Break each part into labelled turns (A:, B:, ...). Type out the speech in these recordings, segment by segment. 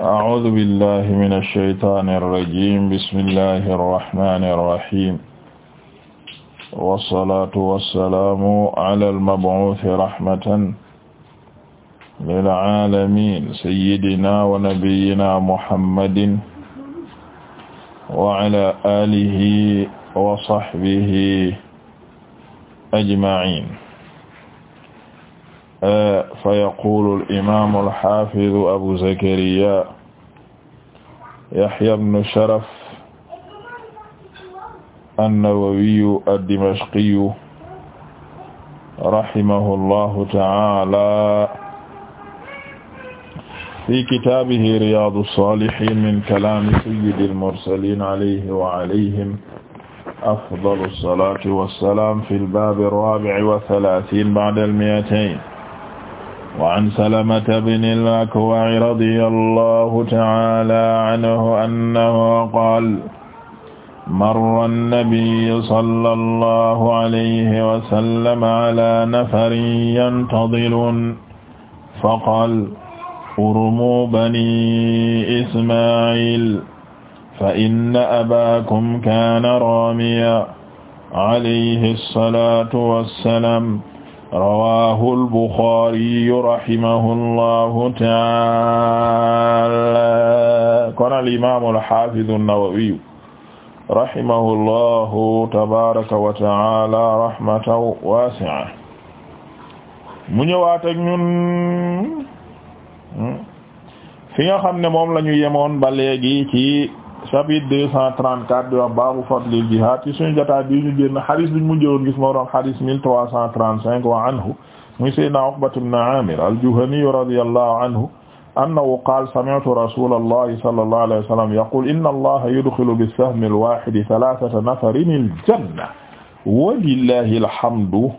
A: أعوذ بالله من الشيطان الرجيم بسم الله الرحمن الرحيم والصلاة والسلام على المبعوث رحمة للعالمين سيدنا ونبينا محمد وعلى آله وصحبه أجمعين fa yaqulu al-imaamu al-haafidu abu zakariya yahya ibnu sharaf an-nawawiyu ad-dimashqiyu rahimahullahu ta'aala fi kitaabihi riyaadu saalihiin min kalaami sayyidil mursaliin alayhi wa alayhim afdalu salaati wa salaam fil baabi raabi'i wa salaasiina ba'dal mi'atayn wa an salamata bni al-Akwa' radiyallahu ta'ala anhu annahu qaala marra an-nabiyyu sallallahu alayhi wa sallam ala nafarin yantadiluun faqaala urmuu banii Ismaa'iil fa inna abaakum kaana raamiyan alayhi as-salaatu wa salaam rawaahu al-Buxaari rahimahullahu ta'aala kon al-imaam al-haafiz an-Nawawi rahimahullahu tabaaraka wa ta'aala rahmatan waasi'a mu ñëwaat ak ñun hmm? fi nga xam ne moom la ñu yemoon ba léegi ci chapitre deux cent trente-quatre di wax baabu fadlil jihad ci suñu jotaay bi ñu génn xadis bi ñu mujjëwoon gis moo doon xadis mille trois cent trente-cinq wa anhu muy sayyidina Uqbatu ibn Amir al-Juhani radiyallahu anhu annahu qaala sami'tu rasulallahi sallallahu alayhi wa sallam yaqul inna allaha yudxilu bis-sahmi al-waahidi thalathata nafarin al-janna wa lillahi al-hamdu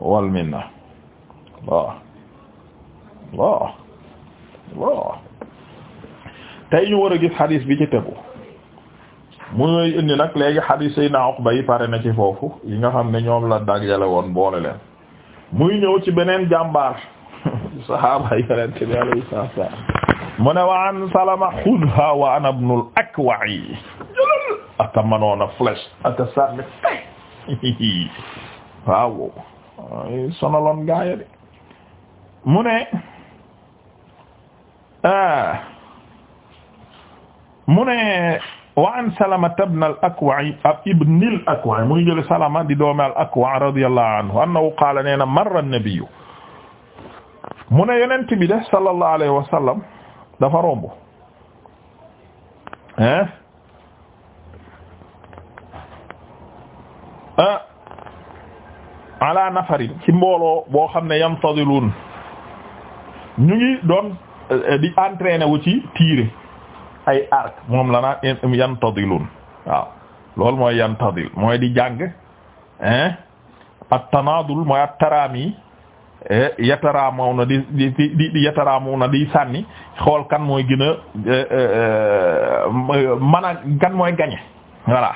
A: wal minna Allah Allah Allah tey ñu war a gis xadis bi ci tegu mu ngi indi nag léegi xadis yi naa Uqba yi pare na ci foofu yi nga xam ne ñoom la dajale woon boole leen muy ñëw ci beneen jàmbaar sahaaba yonente bi alayhi salaam mu ne wa an Salama xudha wa ana ibnul Akwa'i jëlal ata manoon a flèche ata sànni tay waaw sonaloon gaaya de mu ne ah, mu ne wa an salamata bne al akwa'i ab ibni l al akwa' radiyallahu anhu annahu qaala nee na marra nabiyu mu ne yonent bi de sallallahu alayhi wa sallam dafa romb hein ah, ala nafarin ci mbooloo boo xam ne yamtadiluun ñu ngi doon eh, di entraîner wu ci tiire ay arc moom la naan yantadilun waaw loolu mooy yantadil mooy di jàng hein at tanadul mooy at taraami eh, na di di sànni xool kan mooy gën a eh, eh, man a kan mooy gañe voilà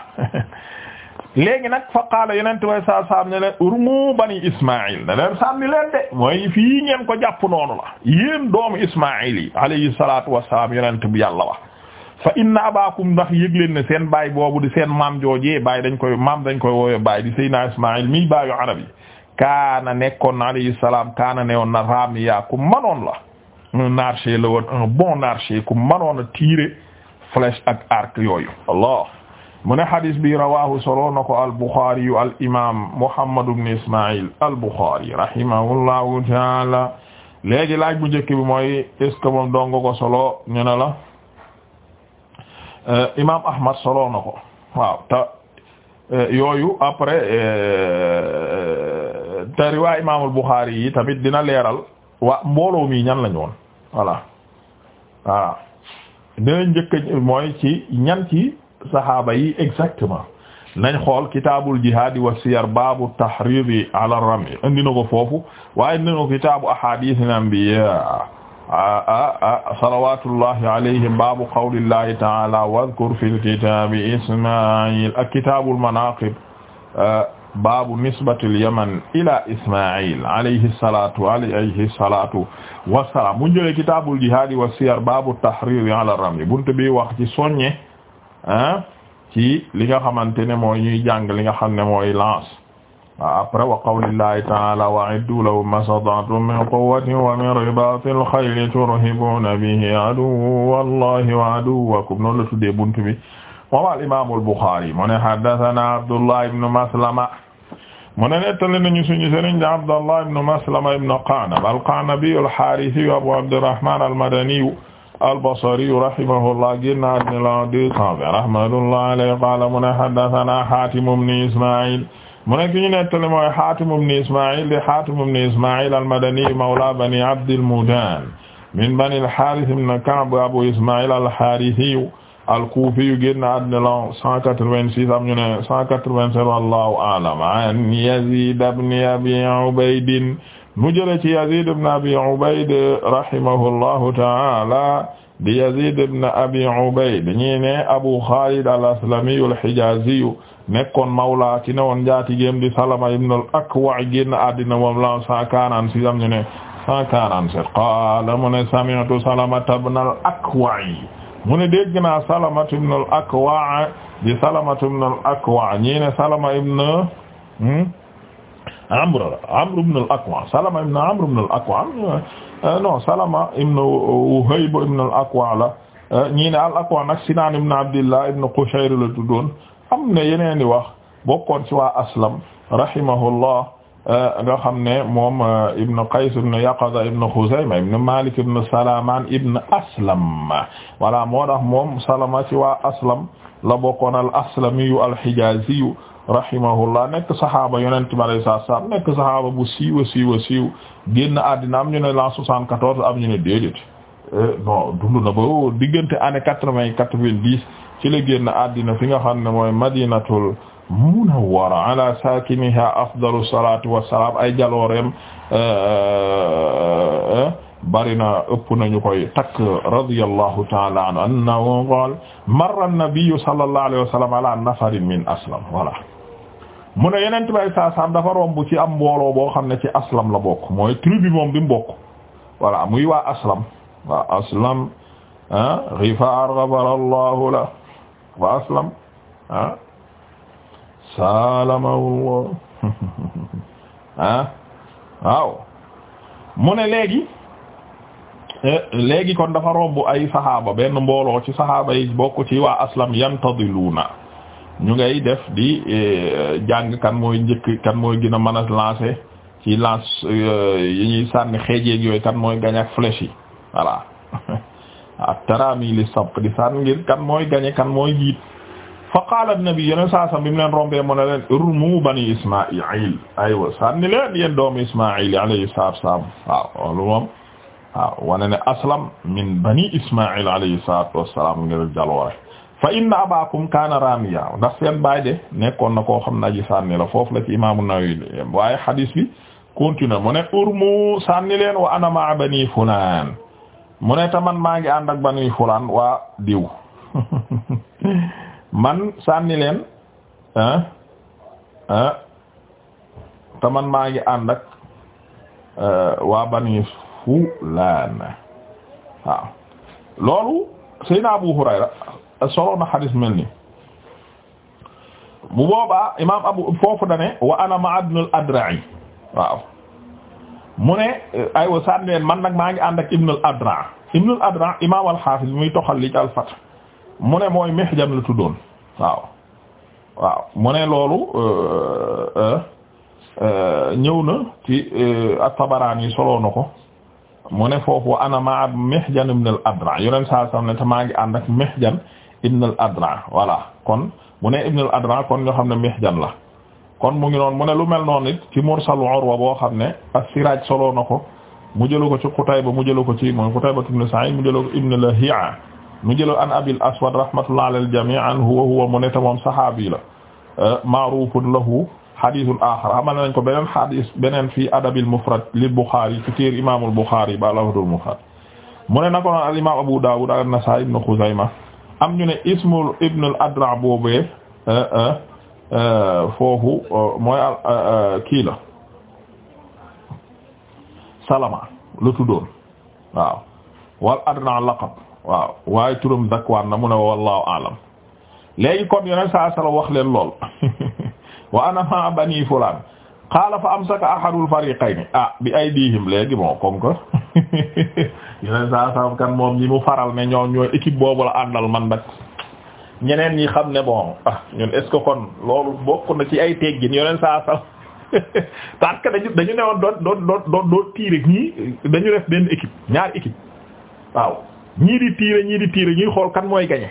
A: léegi nag fa qaala yeneen way saa saam ne leen urmu bani Ismaïl ne leen sànni leen de mooy fii ngeen ko jàpp noonu la yéen doomu Ismaïl yi alayhi salaatu wassalaam yonent bi yàlla wax fa inna abaakum ndax yëg leen ne seen baay boobu di seen maam joojee baay dañ koy maam dañ koy woowe baay di Seydina mii baayu arab yi kaana nekkoon alayhi salaam kaana newoon na ku manoon la un archer la bon archer ku manoon a tirer flèche ak ark yooyu Allah mu ne hadis bi rawahu solo na ko al Bukhari yu al imam Muhammad ibn Ismaïl al Bukhari rahimahullahu taala léegi laaj bu njëkk bi mooy est ce que moom dong ko solo ñu ne la Euh, imaam Ahmad solo na ko waaw te euh, yooyu après euh, te riwaay imaamul Buxaari yi tamit dina leeral waa mbooloo mi ñan lañu woon voilà voilà dina njëkk mooy ci ñan ci saxaaba yi exactement nañ xool kitaabul jihaad wa siyar baabu tahriidi ala rami indi na ko foofu waaye indi na ko kitaabu salawatullahi alayhim baabu qawlillahi taala wadhkur fil kitabi ismail ak kitabul manaqib baabu nisbatil yaman ila ismail alayhi salatu alayhi salatu wassalam mu jëlee kitabul jihad wa siyar baabu tahriri ala ramyi buntu bi wax ci soññe ah ci li nga xamante ne mooy ñuy jàng li nga xam ne mooy lance après wa qawlillahi ta'ala wa'iddu lahum mastata'tum min quwwatin wa min ribatil khayli turhibuna bihi aduwwallahi wa aduwwakum noonu la tuddee buntu bi moom al imaamul Bukhari mu ne haddathana Abdullah ibn Maslama mu ne nettali nañu suñu sëriñ Abdullah ibn Maslama ibn Qa'nab al-Qa'nabi al-Harisi Abu Abdurrahman al-Madani al-Basri rahimahullah génnaat ne la 220 rahmatullahi alayhi qala mu ne haddathana Hatim ibn Isma'il mu nekk ñu nettali mooy Hatim ibn Isma'il di Hatim ibn Isma'il al-Madani mawla bani Abdil Mudan min bani al-Harith ibn Ka'b Abu Isma'il al-Harithi al-Kufi génn àddina la 186 am ñu ne 187 wallahu a'lam an Yazid ibn Abi Ubayd mu jële ci Yazid ibn Abi Ubayd rahimahullahu ta'ala di Yazid ibn Abi Ubayd ñi ne Abu Khalid al-Aslami al-Hijazi nekkoon mawla ci newoon njaatigéem di Salama ibn al-Akwa génn àddina moom la cent quarante-six am ñu ne cent quarante-sept qaala mu ne sami'tu Salama ibn al-Akwa mu ne dégg naa Salama ibn al-Akwa di Salama ibn al-Akwa ñi ne Salama ibn hmm? Amr Amr ibn al-Akwa Salama ibn Amr ibn al-Akwa eh, non Salama ibn Wuhayb ibn al-Akwa la eh, ñi ne al-Akwa nag Sinaan ibn Abdillah ibn Qushayr la tuddoon am na yeneen i wax bokkoon si waa aslam rahimahullah euh, nga xam ne moom euh, ibn Qays ibn Yaqaza ibn Khuzayma ibn Malik ibn Salaman ibn Aslam voilà moo tax moom Salama ci waa aslam la bokkoon al aslamiyu al hijaziyu rahimahullah nekk saxaaba yonent bi alayhi salaatu salaam nekk saxaaba bu siiwa siiwa siiw génn àddina am ñu ne l'an soixante am ñu ne déedéet euh, non na ba diggante ane quatre-vingt vingt ci la génn àddina fi nga xam ne mooy madinatul munawwara ala sakiniha afdalu salatu wassalam ay jaloorem euh, bari na ëpp nañu koy takk radiyallahu ta'ala anhu annahu qaala marra an wa sallam ala nafarin min aslam voilà mu ne yeneen tubaab saa saam ci am mbooloo boo xam ne ci aslam la bokk mooy tribu moom bokk voilà muy waa aslam waa aslam ah Ghifaar ghafara Allahu wa aslam ah salamahullah ah waaw mu ne léegi eh, léegi kon dafa robb ay saxaaba benn mbooloo ci saxaaba yi bokk ci waa aslam yantadiluuna ñu ngay def di eh, jàng kan mooy njëkk kan mooy gën a mën a lancer ci lance eh, yi ñuy sànni xeejeeg yooyu kan mooy gañ ak flèche yi voilà at-tarami li sabt di sànn ngir kan mooy gañe kan mooy jiit fa qaala an-nabi yeneen saasam bi mu leen rombee mu ne leen urmu bani ismail aywa sànni leen yéen doomu ismail yi alayhi salaatu wasalaam waaw loolu moom waaw wane ne aslam min bani ismail alayhi salaatu wasalaam ngir jaloore fa inna abakum kaana ramiya ndax seen baay de nekkoon na koo xam ne aji sànni la foofu la ci imaamu Nawawi waaye hadis bi continue mu ne urmu sànni leen wa ana ma'a bani fulaan mu ne ta man maa ngi ànd ak bani fulaan waa diw man sànni leen ah ah man maa ngi ànd ak eh, waa bani fulaan loolu Seydina Abu Hurayra solo na mel ni bu boobaa imaam Abu foofu dane wa ana ma ibnul Adra'i waaw mu ne euh, aywa sànneen man nag maa ngi ànd ak ibnul adran ibnul adran imam alxaafis muy toxal li ci alfat mu ne mooy mihjan la tuddoon waaw waaw mu ne loolu euh, euh, ñëw na ci at-Tabarani soloo na ko mu ne foofu ana ma mihjan ibnul adran yoneen saa sam ne te maa ngi ànd ak mihjan ibnul adran voilà kon mu ne ibnul adran kon ñoo xam ne mihjan la kon mu ngi noonu mu ne lu mel noonu it ci mursal Urwa boo xam ne as-Siraj soloo na ko mu jëlu ko ci Qutayba mu jëlu ko ci mooy Qutayba ibn Sa'id mu jëlu ko ibn Lahi'a mu jëlu an Abil Aswad rahmatullah ala al-jami' anhu wa huwa mu ne ta moom sahabi la euh, ma'rufun lahu hadithun akhar amal nañ ko beneen hadith beneen fii adabil mufrad lil Bukhari ci téer imamul Bukhari ba lafdul mufrad mu ne na ko noon al imam Abu Dawud an-Nasa'i ibn Khuzaymah am ñu ne ismul ibn al-Adra boobee euh, euh, Euh, foofu euh, mooy euh, kii la salama lu tuddoon waaw wal adna laqab waaw waaye turam dakwaan na mu ne wallahu alam léegi kon yoneen saa sala wax leen lool wa ana ma bani fulaan qaala fa amsaka ahadul fariqayni ah bi aydihim léegi bon comme que saa sala kan moom ñi mu faral ne ñoo ñooy boobu la àndal man nag ñeneen ñi xam ne bon ah ñun est kon loolu bokk na ci ay teggin yoneen saa sal parce que dañu dañu newoon doon doon doon doon doon tiire ñii dañu def benn équipe ñaar équipe waaw ñii di tiire ñii di tiire ñuy xool kan mooy gañe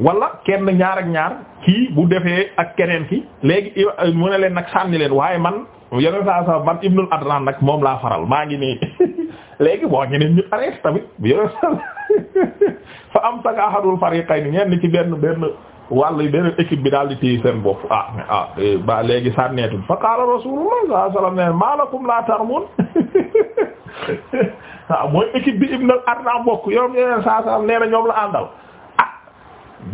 A: wala kenn ñaar ak ñaar kii bu defee ak keneen ki léegi mu ne leen nag sànni leen waaye man yeneen saa saa man ibnul adran nag moom laa faral maa ngi nii léegi boo ñeneen ñu arrêté tamit yeneen saa fa amsaka ahadul ngeen ñenn ci benn benn wàll benn équipe bi daal di téye seen bopp ah ah ba léegi sànneetul fa qaala rasulullah sallallahu alayhi wasallam ne maalakum la tarmun waaw ah, mooy équipe bi ibn al-Arnam bokk yoom yeneen saa sallam nee na ñoom la àndal ah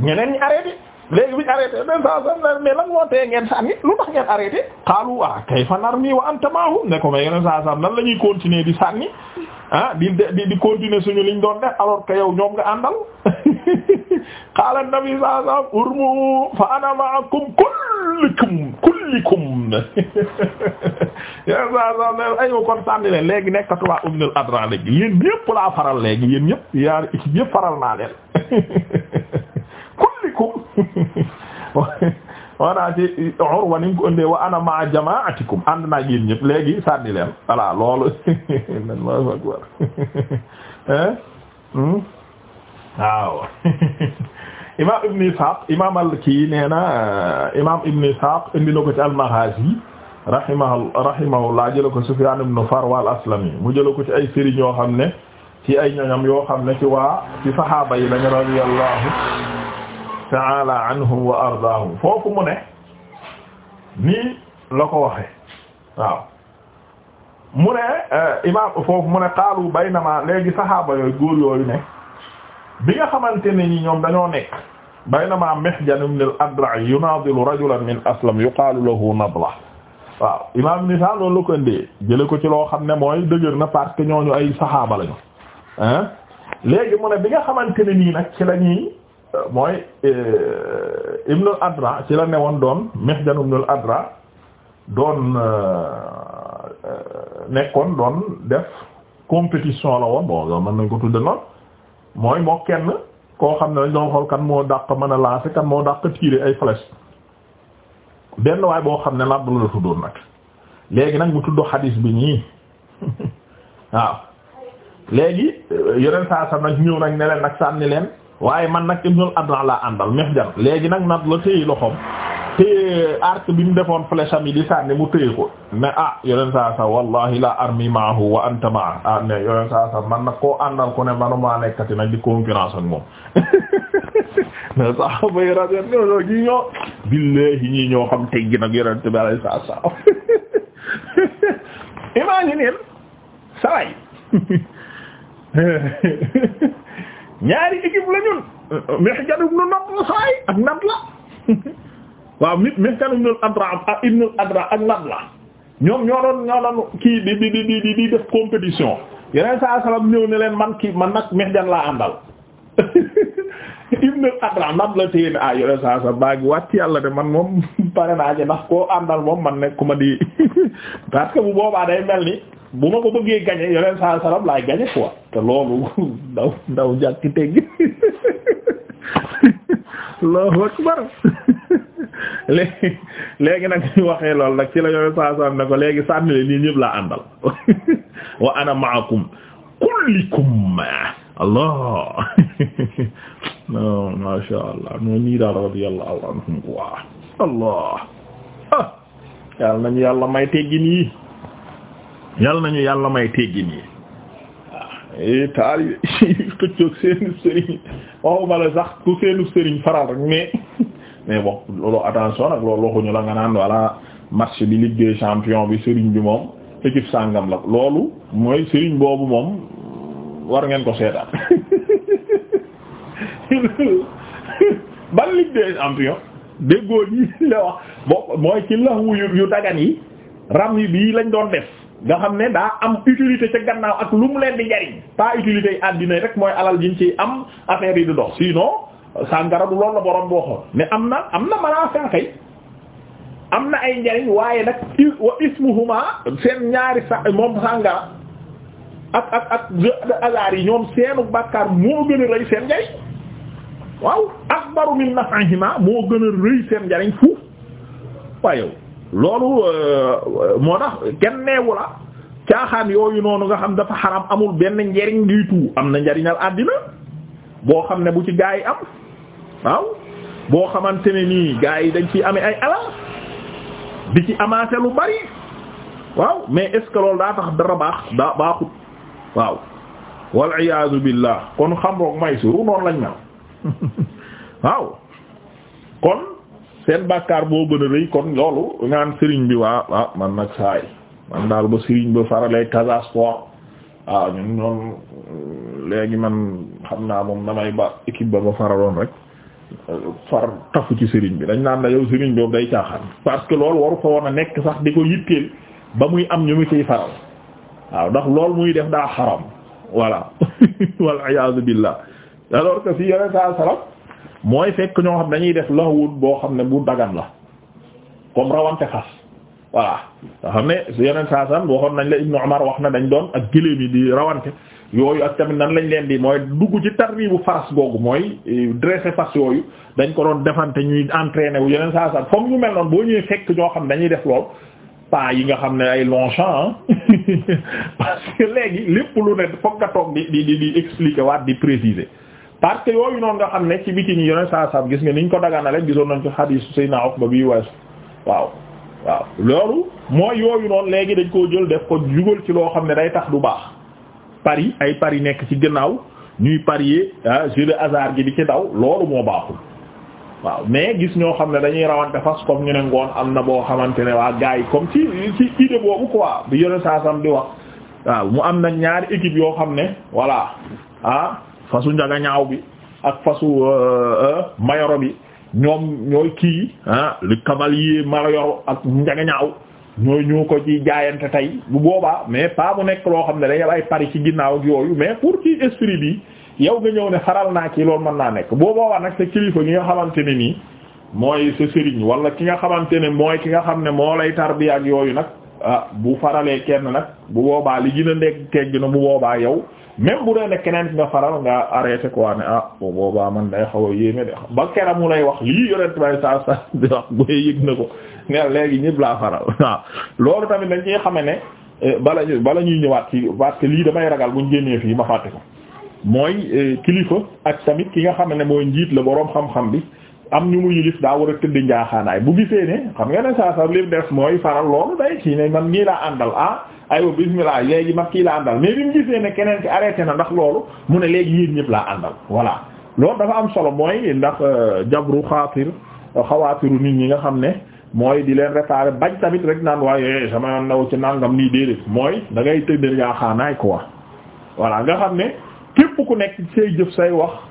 A: ñeneen ñi arrêté léegi bi ñu arrêté yeneen saa sallam mais lan moo tee ngeen sànni lu tax ngeen arrêté qaalu ah kayfa narmi wa anta ma'hum ne ko mais yeneen saa sallam nan la ñuy continuer di sànni ah di di di continuer suñu liñ doon def alors que yow ñoom nga àndal qala ana ma'akum kullukum kullukum yow saa ne aywa kon sànni leen léegi nekkatu waa umnul adra léegi yéen laa faral léegi yéen ñëpp yaa yëpp faral naa leen kullukum maanaam ci Urwa ni mu ko indee wa ana ma jamaatikum ànd naa yéen ñëpp léegi sànni leen voilà loolu man maa ngi ko war hmm? waaw imaam Ibn Ishaq imaam al-Kii nee na euh, imaam Ibn Ishaq indi ko ci al-Maghazi rahimahullah jëlee ko Sufyaan ibn Farwa al mu jëlee ko ci ay sëriñ yoo xam ne ci ay ñoñam yoo xam ne ci waa ci saxaaba yi lañu radiyallahu taala anhum wa ardaahum foofu mu ne nii la ko waxe waaw mu ne eh, imaam foofu mu ne qaalu baynama léegi saxaaba yooyu góor yooyu ne bi nga xamante ne ñi ñoom dañoo nekk baynama Mihjan ibn al-Adra' yunaadilu rajulan min aslam yuqaalu lahu Nadla waaw imaam ni sa loolu la ko indee jële ko ci loo xam ne mooy dëgër na parce que ñooñu ay saxaaba lañu hein léegi mu ne bi nga xamante ne nii nag ci lañuy mooy euh, ibnul adra ci la newoon doon mihjan ibnul adra doon euh, euh, nekkoon doon def compétition la woon bon loolu mën nañ ko tudde noonu mooy moo kenn koo xam ne dañ doon kan moo dàq mën a lancer kan moo dàq tirer ay flèche benn waay boo xam ne Nadr la tuddoon nag léegi nag mu tudd xadiis bi ñii waaw léegi yeneen saa sax nag ñëw nag ne leen nag sànni leen waaye man nag ibnul adna laa àndal mihjan léegi nag nat la téye loxoom téye arc bi mu defoon flèche yi di sànni mu téye ko ne ah yoleen saa sa wallahi la armi maahu wa anta maa ah ne yoleen saa sa man nag koo àndal ko ne manumaa nekkati nag di concurrence ak moom mais sahaba yi rajo ñoo ñi ñoo billahi ñi ñoo xam teg gi nag yonent bi alayhi salaam imagine saway ñaari équipe la ñun Mihjan ibn Nadla ak Nadla waaw mit Mihjan Adra ak ibn la ñoom ñoo doon ñoo doon kii di di di di di def compétition yeneen saa salaam ñëw ne leen man kii man nag Mihjan laa àndal ibn Adra Nadla téye ne ah yeneen saa salaam baa ngi wàcc yàlla de man moom pare naa ci ndax koo àndal moom man nekk ma di parce que bu boobaa day mel ni. bu ma ko bëggee gañe yeneen saa salam laay gañe quoi te loolu ndaw ndaw njàkki teggi Allahu akbar léegi léegi nag ñu waxee lool nag ci la yoneen saa salam ne ko léegi sànnile nii ñëpp laa àndal wa ana ma'akum kullikum ma allah noonu ñii daal radiyallahu anhum allah ah yàlla nañu yàlla may teggin yi yal nañu yàlla may teggin yi waaw eh, taal yi xëccoog seenu sëriñ waxuma la sax ku sëriñ faral rek mais mais bon loolu attention nag loolu waxuñu la nga naan walla match bi liggéey des bi sëriñ bi moom équipe sàngam la loolu mooy sëriñ boobu moom war ngeen ko seetaan ban Ligue des champions yi la wax bo mooy ci laxwu yu dagan yi ram yi bii lañ doon def nga xam ne daa am utilité ca gannaaw ak lu mu leen di njariñ pas utilité yi àddina rek mooy alal ji ñu ci am affaire yi di dox sinon sàngara du loolu la borom boo xool mais am na am na a kay am na ay njariñ waaye nag wa ismuhuma seen ñaari sa moom sàngara ak ak ak hasard yi ñoom seenu bàkkaar moo gën a rëy seen njariñ waaw akbaru min moo gën a seen njariñ fuuf loolu euh, moo tax kenn neewu la caaxaan yooyu noonu nga xam dafa xaram amul benn njariñ liitu am na njariñal àddina boo xam ne bu ci gaa am waaw boo xamante ne nii gaa yi dañ fi amee ay alal di ci amaase lu bari waaw mais est-ce que loolu daa tax dara baax daa baaxut waaw wal iyaadu billah kon xam roog may suru noonu lañ mel waaw kon seen bàkkaar boo gën a rëy kon loolu ngaan sëriñ bi waa ah man nag saay man daal ba sëriñ ba farale Casa Sport waaw ah, ñun ñoom léegi man xam naa moom damay ba équipe ba ba faraloon rek far tafu ci sëriñ bi dañ naan la yow sëriñ boobu day caaxaan parce que loolu waru fa woon nekk sax di ko yitteel ba muy am ñu mu ciy faral waaw ndax loolu muy def daa xaram voilà wal iyaazu billah alors que si yeneen saa salaf mooy fekk ñoo xam dañuy def lahwul boo xam ne bu dagan la comme rawante xas voilà nga xam ne yeneen saasam waxoon nañ la Ibnu Umar wax na dañ doon ak gëléem yi di rawante yooyu ak tamit nan lañ leen di mooy dugg ci tarni bu faras googu mooy eh, dressé fas yooyu dañ ko doon defante ñuy entraîné wu yeneen saasam comme ñu mel noonu boo ñëwee fekk ñoo xam ne dañuy def lool pas yi nga xam ne ay Longchamp parce que léegi lépp lu ne fokk nga toog di di di expliquer waat di parce que yooyu noonu nga xam ne ci biti ni yoneen saa saam gis nga niñ ko daganale gisoon nañ ko xadiis Seydina Uqba bi weesu waaw waaw loolu mooy yooyu noonu léegi dañ koo jël def ko jugal ci loo xam ne day tax du baax pari ay pari nekk ci gannaaw ñuy parier yi ah, jeu de hasard gi di ci daw loolu moo baaxul waaw mais gis ñoo xam ne dañuy rawante fas comme ñu ne ngoon am na boo xamante ne waa gars yi comme ci ci idée boobu quoi bi yore saasam di wax waaw mu am na ñaari équipe yoo xam ne voilà ah fasu njaga ñaaw bi ak fasu euh, euh, mayoro bi ñoom ñooy kii ah li cavalier mayoro ak njaga ñaaw ñooy ñoo ko ci jaayante tey bu boobaa mais pas mu nekk loo xam ne dañu ay pari ci ginnaaw ak yooyu mais pour ci esprit bi yow nga ñëw ne xaral naa ci loolu mën naa nekk boo boobaa nag sa kilifa gi nga xamante ne nii mooy sa sëriñ wala ki nga xamante ne mooy ki nga xam ne moo lay tarbiya ak yooyu nag ah, bu faralee kenn nag bu boobaa li gën a nekk tegg na mu boobaa yow même bu dee ne keneen nga faral nga arrêté ko ne ah bu boobaa man day xaw a yéeme de ba keram mu lay wax lii yore bay saa saa di wax booy yëg na ko ne léegi ñëpp laa faral waaw loolu tamit dañ ciy xame ne eh, bala ñuy bala ñuy ñëwaat ci parce que lii damay ragal bu ñu génnee fii ma fàtte ko mooy eh, kilifa ak tamit ki nga xam ne mooy njiit la boroom xam-xam bi. am ñu mu yilif daa war a tëdd njaaxaanaay bu gisee ne xam nga ne saa saa li des mooy faral loolu day kii ne man ñii laa àndal ah aywa bismillah léegi mag kii laa àndal mais mu ne keneen ki arrêté na ndax loolu mu ne léegi yéen ñëpp laa àndal voilà loolu dafa am solo mooy ndax euh, jabru xaatir euh, xawaatiru nit ñi nga xam ne mooy di leen réparer bañ tamit rek naan waaye eh, sama yoon naw ci nangam nii déedéet mooy da ngay tëdd njaaxaanaay wa voilà nga xam ne képp ku nekk say jëf say wax.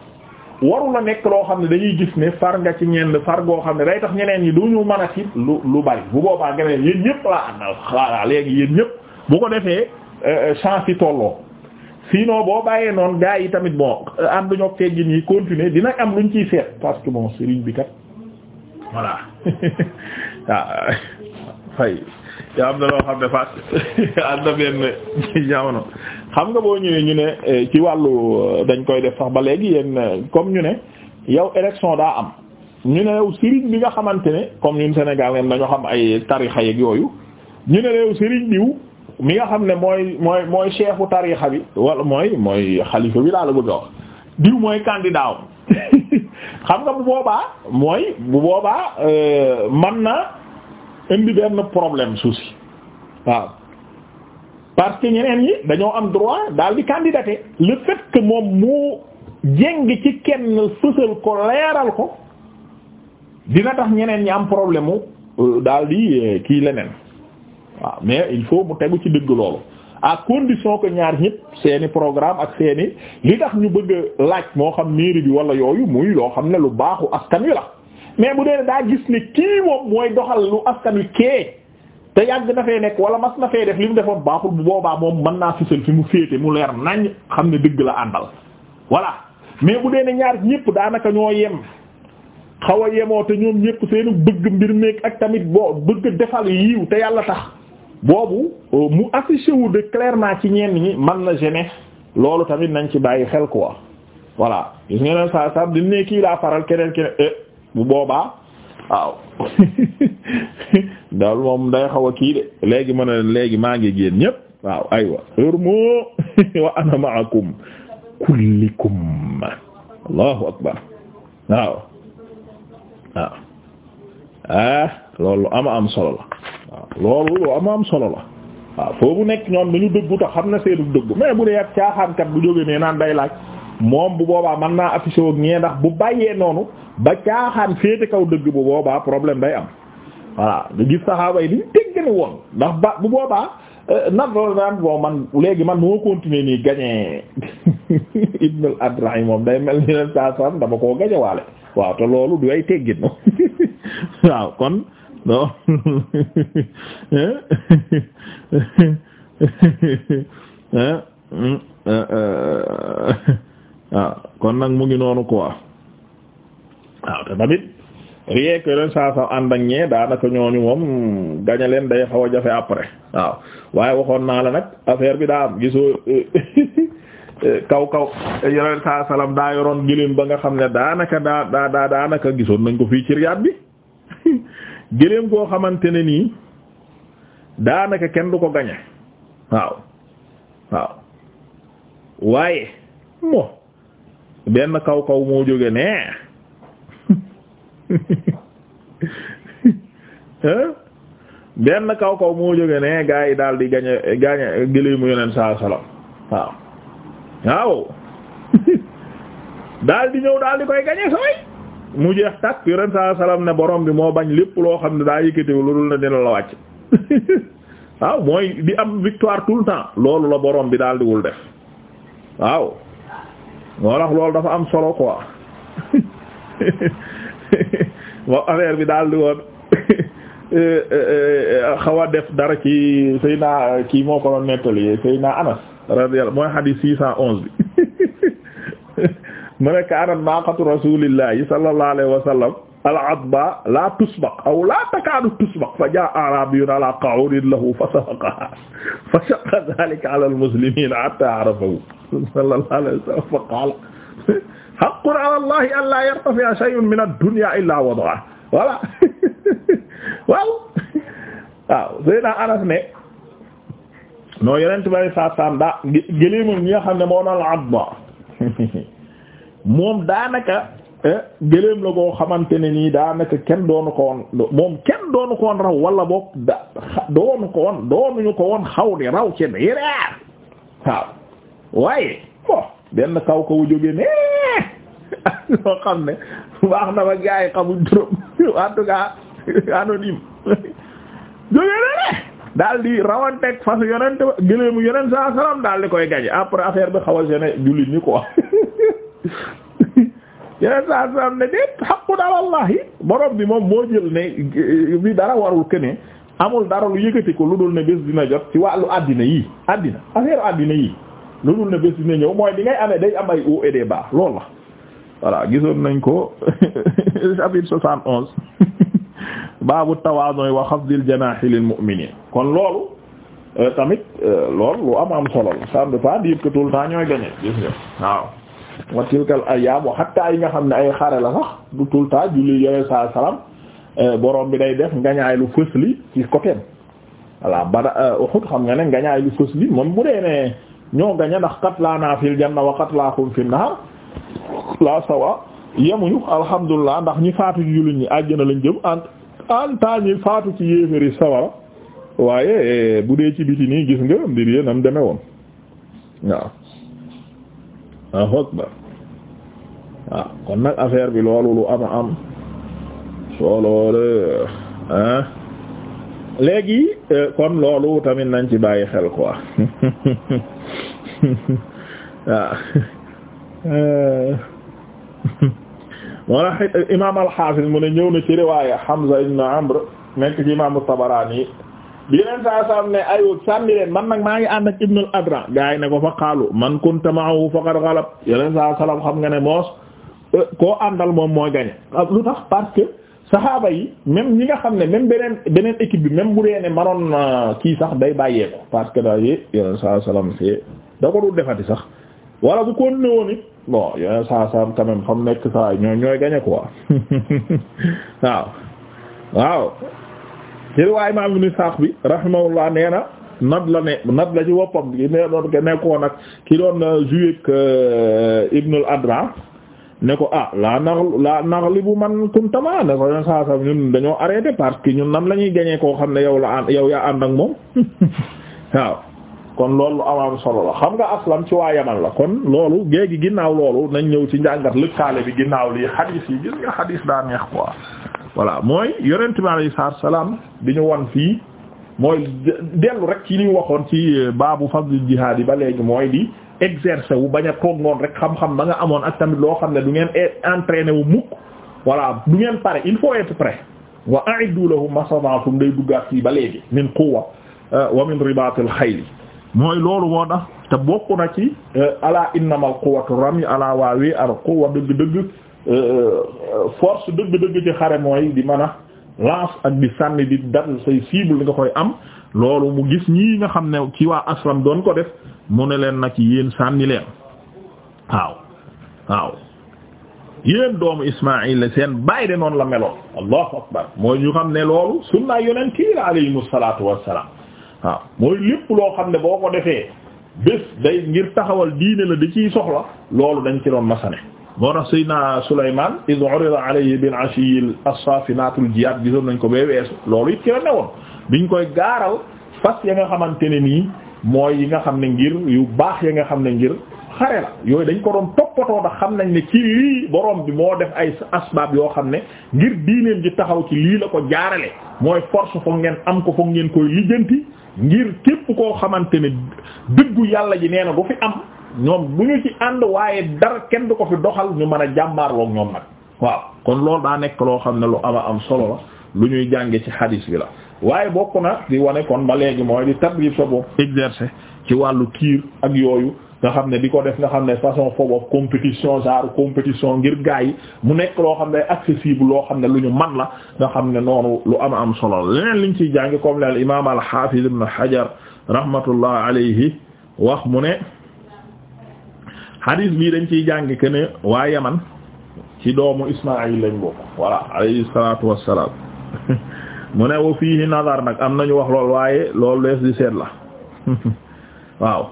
A: waru la nekk loo xam ne dañuy gis ne far nga ci ñenn far goo xam ne day tax ñeneen yi duñu mën a ci lu lu bari bu boobaa nga ne yéen ñëpp laa àndal xaaraa léegi yéen ñëpp bu ko defee euh, euh, chance yi tolloo sinon boo bàyyee noonu gaa yi tamit bon am duñu teggin yi continuer dina am luñ ciy seet parce que bi kat voilà ah, na loo xam ne fas am na benn jamono xam nga boo ñëwee ñu ne eh, ci wàllu eh, dañ koy def sax ba léegi yéen eh, comme ñu ne yow élection daa am ñu ne yow sëriñ bi nga xamante ne comme ñun Sénégal ngeen dañoo xam ay tarixa yeeg yooyu ñu ne yow sëriñ diw mi nga xam ne mooy mooy mooy chefu tarixa bi wala mooy mooy xalifa bi laa la bëgg a wax diw mooy candidat xam nga bu boobaa mooy bu boobaa man na indi benn problème suusi waaw parce que ñeneen yi dañoo am droit daal di candidater le moom mu jéng ci kenn fësal ko leeral ko dina tax ñeneen ñi am problème mu euh, daal di euh, kii leneen waaw mais il faut mu tegu ci dëgg loolu à condition que ñaar ñëpp seeni programme ak seeni li tax ñu bëgg laaj moo xam mairie bi wala yooyu muy loo xam ne lu baaxu askan wi la mais bu dee daa gis ne kii moom mooy doxal lu askan wi kee te yàgg na fee nekk wala mas na fee def li mu defoon baaxul bu boobaa moom mën naa fisal fi mu féete mu leer nañ xam ne dëgg la àndal voilà mais bu dee ne ñaar ñépp daanaka ñoo yem xaw a yemoo te ñoom ñépp seenu bëgg mbir meek ak tamit boo bëgg defal yiw te yàlla tax boobu euh, mu affiché wu de clairement ci ñenn ñi man na gêner loolu tamit nañ ci bàyyi xel quoi voilà gis ngeen saa saa di ne kii laa faral keneen keneen euh, bu boobaa. waaw daal moom day xaw a kii de léegi ma ne léegi maa ngi génn ñépp waaw aywa hurmu wa ana ma'akum kullikum allahu akbar waaw waaw ah loolu ama am solo la waaw loolu ama am solo la waaw foofu nekk ñoom dañu dëggu tax xam na seenu dëggu mais bu dee ak caaxaankat bu jógee ne naan day laaj moom bu boobaa man naa affiché ak ñee ndax bu bàyyee noonu ba caaxaan féete kaw dëgg bu boobaa problème day am voilà nga gis saxaaba yi diñ dégg woon ndax ba bu boobaa euh, nag loolu léegi man moo continuer nii gañee moom day mel ni leen saa dama koo gañewaale waaw te loolu du ay teggin waaw kon non euh, euh, waaw kon nag mu ngi noonu quoi waaw te tamit rien que leen saa saa ànd ak ñee daanaka ñooñu moom gaña leen day xaw a jafe après waaw waaye waxoon naa la nag affaire bi daa am gisoo kaw kaw yeneen saa salaam daa yoroon gëléem ba nga xam ne daanaka daa daa daa daanaka gisoon nañ ko fii ci riyaat bi gëléem koo xamante ne nii daanaka kenn du ko gañe waaw waaw waaye mo benn kaw kaw moo jóge nee benn kaw kaw moo jóge nee gaa yi daal di gañe gañe gëléemu yoneen saa salaam waaw waaw daal di ñëw daal di koy gañe sooy mu jeex takk yoneen saa salaam ne borom bi moo bañ lépp loo xam ne daa yëkkatiwu lu dul na dina la wàcc waaw mooy di am victoire tout le temps loolu la borom bi daldiwul def waaw moo tax loolu dafa am solo quoi moom affaire bi daal di woon euh, euh, euh, xaw a def dara ci Seyna kii moo ko doon nettali Seyna Anas radiyallahu mooy hadith six cent onze bi mu nekk anan naqatu rasulillahi sallallahu alayhi wa sallam al-adba la tusbaq aw la takaadu tusbaq fa jaa a'raabiyyun ala qa'uudin lahu fa sabaqahaa fa shaqqa dhaalika ala al-muslimiina hattaa arafahu sallallahu alayhi wa sallam fa qaala haqqun ala allahi an laa yartafi'a shay'un min ad-dunyaa illaa wada'ahu voilà waaw waaw Seydina Anas ne noo yenent bari sasan daa gëléemam ñi nga xam ne moo na al-adba moom daanaka Eh, gëléem la boo xamante ne nii daanaka kenn doonu ko woon moom kenn doonu ko woon raw wala boog da doonu ko woon doonuñu ko woon xaw di raw ci diraar waaw waaye bon benn xam ne baax na ba gaa yi xamuñ trop en tout cas anonyme jóge ne daal di rawanteeg fas yonent gëléemu yonent saa salaam daal di koy gañe après affaire bi xaw a gêné jullit ñi quoi yeneen saa saa ne déet xaqun ala allah bi moom moo jël ne bi dara warul que amul dara lu yëkkati ko lu dul ne bés dina jot ci wàllu àddina yi àddina affaire àddina yi lu dul ne bés dina ñëw mooy di ngay amee day am ay hauts et des bas loolu la. voilà gisoon nañ ko chapitre soixante onze baabu tawaadu wa xafdil janaahi lil mu'miniin kon loolu. Euh, tamit euh, lool lu am am solo la ça ne veut pas dire ñooy gagner gis nga waaw. wa tilkal ayyaam wa hatta yi nga xam ne ay xare la sax du tout le julli yore saa salaam borom bi day def ngañaay lu fës li ci côté voilà bada euh, Uhud xam nga ne ngañaay lu fës li moom bu dee ne ñoo gaña ndax qatlaanaa fil janna wa qatlaakum fin naar la sawa yemuñu alhamdulilah ndax ñi faatu ci jullit ñi àjjana lañ jëm en en tant ñi faatu ci yéeféri sawara waaye eh, bu dee ci biti nii gis nga mbir yéen am deme woon waaw Allahu akbar ah, kon nag affaire bi loolu lu ama am sooloole ah euh, kon loolu tamit nañ ci bàyyi xel quoi waaw wala imam al mu ne ñëw na ci riwaaya Hamza ibn Amr nekk ci imam Tabarani bi yeneen saa sànni leen man nag maa ngi ànd ak ibnul adra gaa yi ne ko fa xaalu man kunta ma'ahu faqad ghalab yeneen saa salam xam nga ne moos euh, koo àndal moom mooy gañe lu tax parce saxaaba yi même ñi nga xam ne même beneen beneen équipe bi même bu dee ne manoon kii sax day bàyyee ko parce que daa yé yeneen saa da ko du defati sax wala bu ko néewoon it bon yeneen saa salam quand nekk saa ñooy gañe quoi waaw waaw ci riwaaya imaam ni Isaaq bi rahimahullah nee na la ne nad la ci woppam bi ne doon ke nekkoon ak ki doon euh, jouer ak euh, Ibn ne ko ah laa nax laa naxlibu man kuntama ne ko saa sax ñun dañoo arrêté parce que ñun nam la ñuy gañee koo xam ne yow la ànd yow yaa ànd ak moom waaw kon loolu amaam solo la xam nga aslam ci waa yaman la kon loolu géegi ginnaaw loolu nañ ñëw ci njàngat lëkkaale bi ginnaaw lii xadiis yi gis nga xadiis daa neex quoi voilà mooy yonent bi alayhi salaam di ñu wan fii mooy dellu rek ci li waxoon ci euh, baabu fadlil jihaad yi ba léegi mooy di exercer wu bañ a toog noon rek xam-xam ba nga amoon ak tamit loo xam ne du ngeen e-, entraîner wu mukk voilà du ngeen pare il faut être prêt wa a'iddu lahum mastata'tum day duggaat fii ba léegi min quwwa euh, wa min ribaatil xayli mooy loolu moo dax te bokk na ci euh, ala innamal quwwatu rami ala waawi al quwwa dëgg-dëgg Euh, force dëgg-dëgg ci xare mooy di mën a lance ak di sànni di dal say cible li koy am loolu mu gis ñii nga xam ne ci waa aslam doon ko def mu ne leen nag yéen sànni leen waaw waaw yéen doomu Ismaïl la seen bàyyi de noonu la meloon allahu akbar mooy ñu xam ne loolu sunna yonent kii la alayhimu salaatu wassalaam waaw mooy lépp loo xam ne boo ko defee bés day ngir taxawal diine la di ciy soxla loolu dañ ci doon masane moo tax Seydina Souleymane iz urida alayhi bil ashiyyi as-saafinatul jiyaad gisoon nañ ko bee weesu loolu it ci la newoon biñ koy gaaral fas ya nga xamante ne nii mooy yi nga xam ne ngir yu baax ya nga xam ne ngir xare la yooyu dañ ko doon toppatoo ndax xam nañ ne ci lii borom bi moo def ay asbaab yoo xam ne ngir diineen ji taxaw ci lii la ko jaarale mooy force foog ngeen am ko foog ngeen koy lijjanti ngir képp koo xamante ne dëggu yàlla ji nee na du fi am. ñoom bu ñu ci ànd waaye dara kenn du ko fi doxal ñu mën a jàmbaarloog ñoom nag waaw kon loolu daa nekk loo xam ne lu ama am solo la lu ñuy jànge ci hadis la waaye bokk na di wane kon ba léegi mooy di tabrib sa bopp exercer ci wàllu kiir ak yooyu nga xam ne di ko def nga xam ne façon fo bopp compétition genre compétition ngir gars yi mu nekk loo xam ne accessible loo xam ne lu ñu man la nga xam ne noonu lu ama am solo la leneen liñ ciy jànge comme le al imam al hafiz ibn hajar rahmatullah alayhi wax mu ne hadis bii dañ ciy jàng que ne waa Yaman ci doomu Ismaayil lañ bokk voilà alayhi salaatu wassalaam mu ne wa fiihi nazar nag am nañu wax lool waaye lool lees di seet la waaw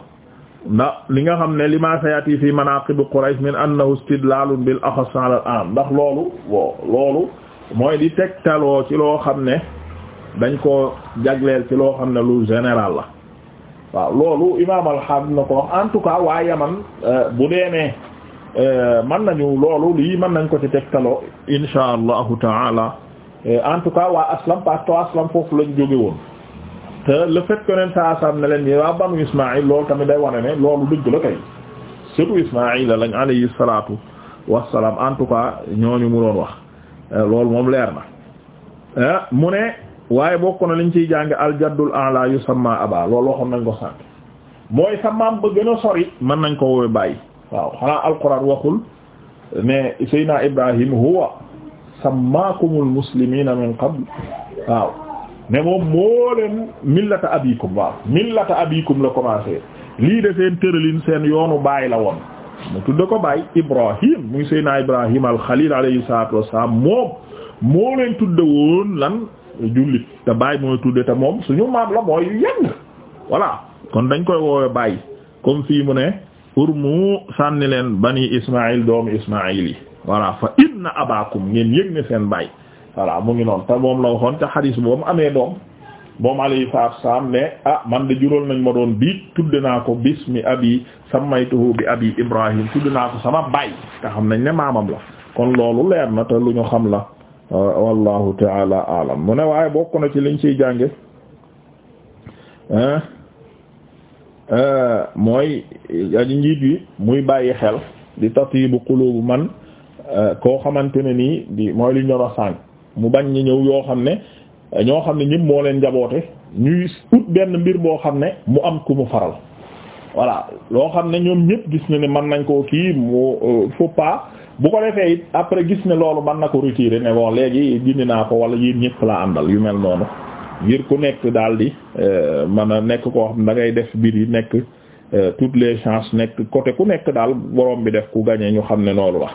A: ndax li nga xam ne li ma sayati fi manaqib Quraysh min annahu istidlalun bil axass ala al am ndax loolu wo loolu mooy di tegtaloo ci loo xam ne dañ ko jagleel ci loo xam ne lu général la waaw loolu imaam alxaam na ko wax en tout cas waa yaman euh, bu dee ne euh, mën nañu loolu lii mën nañ ko ci tegtaloo insha allahu taala euh, en tout cas waa aslam parce aslam foofu lañ jóge woon te le fait que neen saa ne leen yi waa banu loolu tamit day wane ne loolu dëgg la kay surtout ismail lañ alayhi salatu wasalaam en tout cas ñooñu mu doon wax loolu moom leer na mu ne waaye bokk na liñ ciy jàng aljaddul ala yusamma aba loolu waxoon nañ ko sànq mooy sa maam ba sori mën nañ ko woowe bàyyi waaw xanaa alquran waxul ne sayna ibrahim huwa sammakumul muslimina min qabl waaw ne moom moo leen millata abikum waaw millata abikum la commencé lii de seen tëralin seen yoonu bàyyi la woon mu tudde ko baay ibrahim muy sayna ibrahim al khalil alayhi salatu wassalam moom moo leen tudde woon lan jullit te baay mooy tudde te moom suñu maam la mooy yeng voilà kon dañ koy woowe baay comme fii mu ne pour mu sànni leen bani ismail doomu ismail yi voilà fa na abakum ngeen yëg ne seen baay voilà mu ngi noon te moom la waxoon te xadis boobu amee doom moom alayhi salaatu salaam ne ah man de jural nañ ma doon biit tudde naa ko bismi abi samaytuhu bi abi ibrahim tudde naa ko sama baay te xam nañ ne maamam la kon loolu leer na te lu ñu xam la wallahu taala alam mu ne waaye bokk na ci liñ ciy jànge euh, mooy aji njiit yi muy bàyyi xel di tatibu qulubu man euh, koo xamante ne nii di mooy li ñor a sànq mu bañ ñi ñëw yoo xam ne ñoo xam ne ñëpp moo leen njaboote ñuy ut benn mbir boo xam ne mu am ku mu faral voilà loo xam ne ñoom ñëpp gis na ne mën nañ koo kii mu euh, faut bu ko defee it après gis ne loolu man na ko retirer ne bon léegi dindi naa ko wala yéen ñëpp laa àndal yu mel noonu ngir ku nekk daal di euh, mën a nekk koo xam da ngay def mbir yi nekk euh, toutes les chances nekk côté ku nekk daal borom bi def ku gagné ñu xam ne loolu la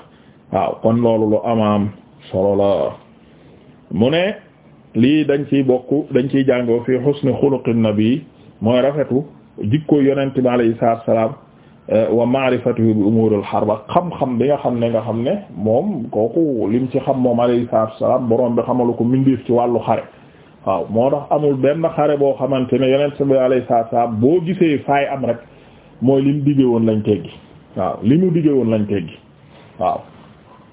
A: waaw kon loolu lu amaam solo la mu ne lii dañ ciy bokk dañ ciy jàngoo fi husni na bi mooy rafetu jikko yonent bi alayhi salaam Euh, wa ma'rifatuhu bi umuril harb xam-xam bi nga xam ne nga xam ne moom kooku lim ci xam moom alayhi salaatu wassalaam borom bi xamalu ko mindeef ci wàllu xare waaw moo tax amul benn xare boo xamante ne yeneen sa bi alayhi salaatu boo gisee faay am rek mooy li diggee woon lañ teggi waaw li mu diggee woon lañ teggi waaw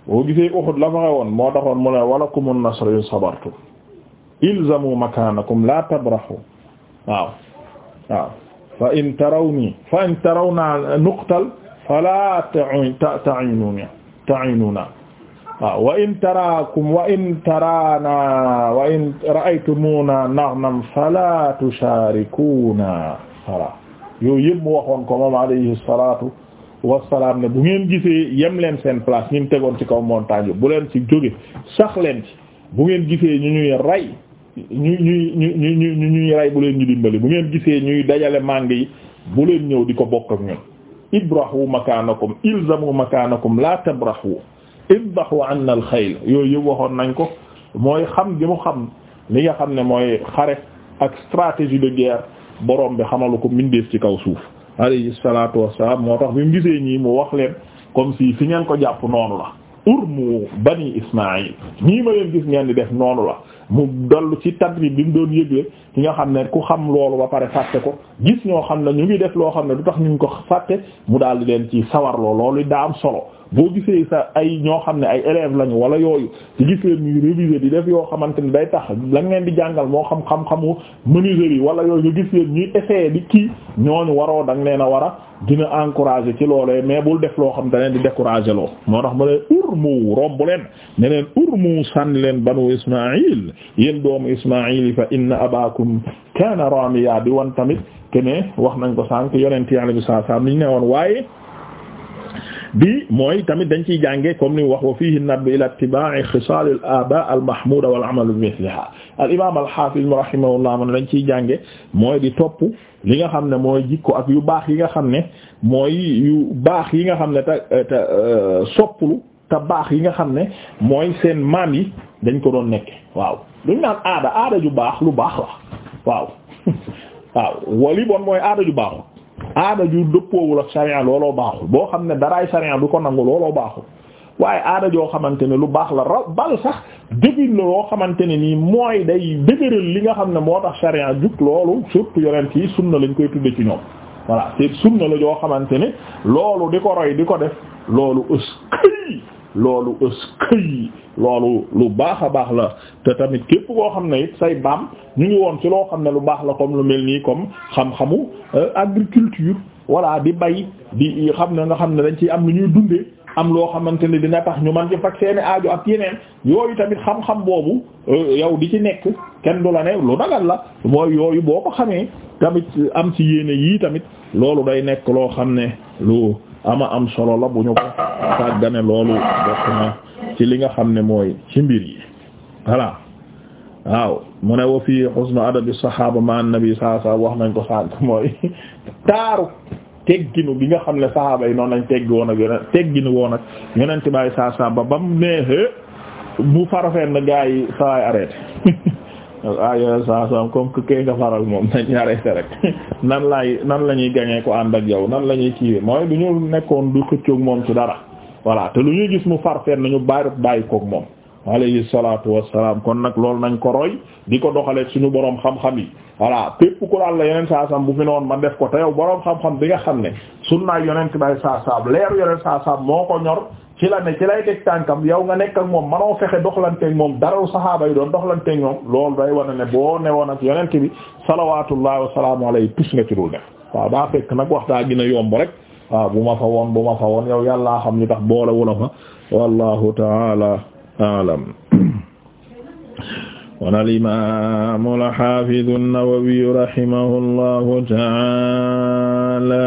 A: boo gisee Uhud la faxe woon moo taxoon mu ne walakumun nasru in sabartum ilzamu makanakum la tabrahu waaw waaw fa in tarawni fa in tarawna nuqtal fala ta'inuna ta'inuna waaw ah, wa in taraakum wa in taraana wa in ra'aytumuna na'nam fala tusharikuna voilà yooyu yëpp mu waxoon ko moom alayhi salatu wasalaam ne bu ngeen gisee yem leen seen place ñu tegoon ci kaw montagne bu leen ci jóge sax leen ci bu ngeen gisee ñu ñuy rey ñuy ñuy ñuy ñuy ñuy rey bu leen ñu dimbali bu ngeen gisee ñuy dajale màng yi bu leen ñëw di ko bokk ak ñun ibrahu makaanakum ilzamu makaanakum la tabrahu idbahu anna al xayl yooyu yëpp waxoon nañ ko mooy xam gi mu xam li nga xam ne mooy xare ak stratégie de guerre borom bi xamalu ko mindeef ci kaw suuf alayhi salatu wassalam moo tax bi mu gisee ñii mu wax leen comme si fi ngeen ko jàpp noonu la urmu bani ismail ñii ma leen gis ngeen di def noonu la mu dollu ci tadrib bi mu doon yëgle ki nga xam ne ku xam loolu ba pare fàtte ko gis ñoo xam ne ñu ngi def loo xam ne du tax ñu ngi ko fàtte mu daal di leen ci sawarloo loolu daa am solo boo gisee sa ay ñoo xam ne ay élèves lañu wala yooyu ci gis leen ñuy réviser di def yoo xamante ni day tax lañ leen di jàngal moo xam xam-xamu menuiserie wala yooyu nga gis leen ñuy essayer di kii ñooñu waroo da nga leen a war a dina encourager ci loolee mais bul def loo xam da leen di décourager loo moo tax ma leen urmu romb leen ne leen urmu sànni leen banu Ismaïl yéen doomu Ismaïl fa inna abakum kana ramiya bi wan tamit kene wax nañ ko sànk yonent Yàlla bi saa saa niñ ne woon waaye bi mooy tamit dañ ciy jànge comme ni wax wa fiihi nadbu ila ittiba'i xisaal al aba al mahmuda wal amal bi mithliha al imam al hafiz rahimahullah man dañ ciy jànge mooy di topp li nga xam ne mooy jikko ak yu baax yi nga xam ne mooy yu baax yi nga xam ne te te euh, sopplu te baax yi nga xam ne mooy seen maam yi dañ ko doon nekk waaw luñ naan aada aada ju baax lu baax la waaw waaw mooy aada ju baaxul aada ju dëppoowul la sharia looloo baaxul boo xam ne daraay sharia du ko nangu looloo baaxul waaye aada joo xamante ne lu baax la rab bal sax déglu la loo xamante ne nii mooy day dëgëral li nga xam ne moo tax sharia jug loolu surtout yonent yi na lañ koy tudde ci ñoom voilà te na la joo xamante ne loolu di ko roy di ko def loolu ëus loolu ëskëy loolu lu baax a baax la te tamit képp koo xam ne it say baam ñu ngi woon si loo xam ne lu baax la comme lu mel nii comme xam-xamu euh, agriculture voilà di bay di xam ne nga xam ne dañ ci am lu ñuy dundee am loo xamante ne dina tax ñu man ci faj seeni aajo ak yeneen yooyu tamit xam-xam boobu euh, yow di ci nekk kenn du la ne lu dagal la mooy yooyu boo ko xamee tamit am ci yéene yii tamit loolu day nekk loo xam ne lu ama am solo la bu ñu ko sàggane loolu bokk na ci li nga xam ne mooy ci mbir yi voilà waaw mu ne wa fii husnu adabi sahaaba ma annabi saa wax nañ ko sànk mooy taaru tegginu bi nga xam ne sahaaba yi noonu lañ teggi woon ak yonent tegginu woon ak yonent baay saa saa ba bam nee mu farafeen na gaa yi sawaay ah yooyu saa saa comme que kee nga faral moom nañ arrêté rek nan laay nan la ñuy gañee ko ànd ak yow nan la ñuy kiiwee mooy du ñu nekkoon du xëccoog moom ci dara voilà te lu ñuy gis mu farfeet nañu bàyyi bàyyi kook moom. alayhi salaatu wassalaam kon nag loolu nañ ko roy di ko doxalee suñu boroom xam-xam yi voilà pépp ku daal la yeneen saasam bu fi ne ma def ko te yow boroom xam-xam bi nga xam ne sunnaay yonent bay saasaab leeru yonent saasaab moo ko ñor ci la ne ci lay teg tànkam yow nga nekk moom manoo fexe doxalanteeg moom dara saxaaba yi doon doxalanteeg ñoom loolu day wane ne boo newoon ak yonent bi salawaatullahi wa salaamu tus nga ci dul def waaw fekk nag wax daa gën a yomb rek waaw bu ma fa woon bu ma fa woon yow yàllaa xam tax boole wula fa wallahu taala aalam kon al-imaam al-haafiz nawawi rahimahullahu taala